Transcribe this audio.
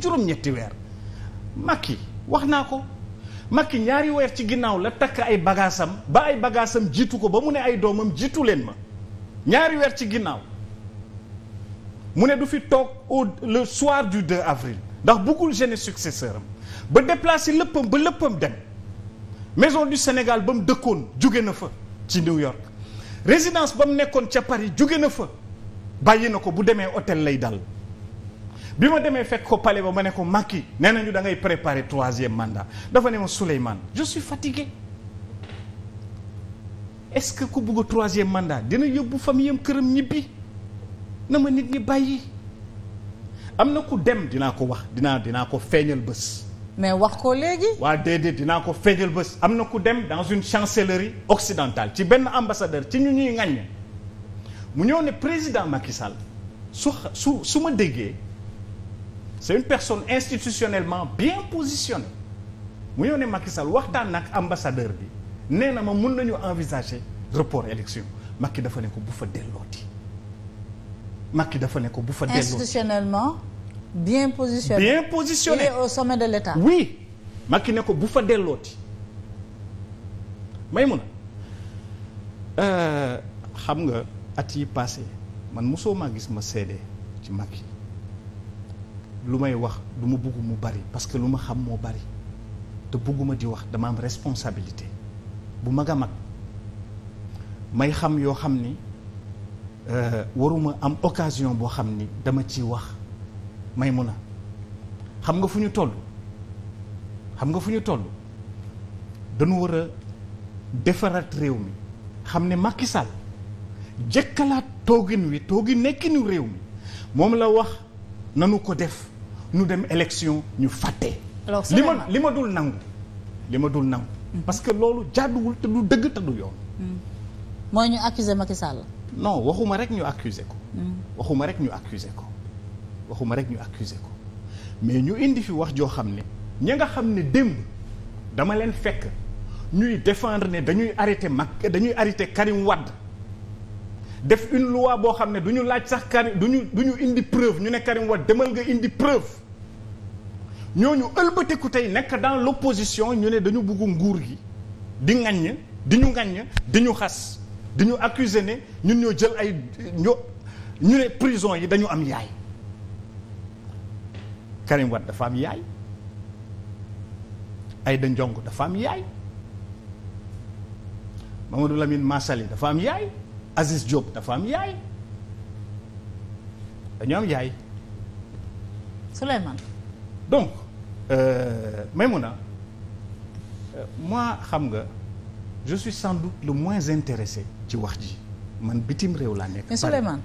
juróom-ñetti weer Macky wax naa ko makki ñaari weer ci ginnaaw la takk ay bagaasam ba ay bagaasam jiitu ko ba mu ne ay doomam jiitu leen ma ñaari weer ci ginnaaw mu ne du fi toog au le soir du 2 avril ndax bëggul gêner successeur am ba déplacer léppam ba léppam dem maison du Sénégal ba mu dëkkoon jóge na fa ci New York résidence ba mu nekkoon ca Paris juge na fa bàyyi na ko bu demee hôtel lay dal bi ma demee fekk ko palais ba ma ne ko Macky nee nañu da ngay préparer troisième mandat dafa ne ma Souleymane je suis fatigué est-ce que ku bugg troisième mandat dina yóbbu famiyam këram ñibbi na ma nit ñi bàyyi am na ku dem dinaa ko wax dinaa dinaa ko feeñal bës mais wax ko léegi. waa déedéet dinaa ko feeñal bés am na ku dem dans une chancellerie occidentale ci benn ambassadeur ci ñu ñuy ŋaññe mu ñëw ne président Macky Sall su su su ma déggee. c'est une personne institutionnellement bien positionnée mu ñëw ne Macky Sall waxtaan nag ambassadeur bi nee na ma mun nañu envisager report élection Macky dafa ne ko bu fa dellooti Macky dafa ne bu fa dellooti institutionnellement bien positionné bien positionné il est au sommet de l'État ne ko bu fa dellooti may mun a euh, xam nga at yi passé man mosoo maa gis ma seede ci Macky lu may wax du ma bëgg mu bari parce que lu ma xam moo bari te bëgguma di wax dama am responsabilité bu mag a mag may xam yoo xam ni euh, waruma am occasion boo xam ni dama ci wax may mun a xam nga fu ñu toll xam nga fu ñu toll dañu war a defaraat réew mi xam ne Macky Sall jëkkalaat toogin wi toogin nekkinu réew mi moom la wax nanu ko def nu dem élection ñu fàtte. li ma li ma dul nangu li ma dul nangu. Mm-hmm. parce que loolu jàdduwul te du dëgg te du yoon. Mm-hmm. mooy ñu accuser Macky Sall. non waxuma rek ñu accuser ko. Mm-hmm. waxuma rek ñu accuser ko waxuma rek ñu accuser ko mais ñu indi fi wax joo xam ne ña nga xam ne démb dama leen fekk ñuy défendre ne dañuy arrêter Macky dañuy arrêter Karim Wade. def une loi boo xam ne du ñu laaj sax Karim du ñu du indi preuve ñu ne Karim Wade demal nga indi preuve ñooñu ëlbatiku tey nekk dans l'opposition ñu ne dañu bugg nguur gi di ŋaññ di ñu ŋaññ di ñu xas di ñu accuser ne ñun ñoo jël ay ñu ñu ne prison yi dañu am yaay Karim Wade dafa am yaay Aïda Ndiongue dafa am yaay Mamadou Lamine Massaly dafa am yaay Aziz Diop dafa am yaay dañoo am yaay. Souleymane. donc euh, Maïmouna euh, moi xam nga je suis sans doute le moins intéressé ci wax ji man bitim réew laa nekk. mais Souleymane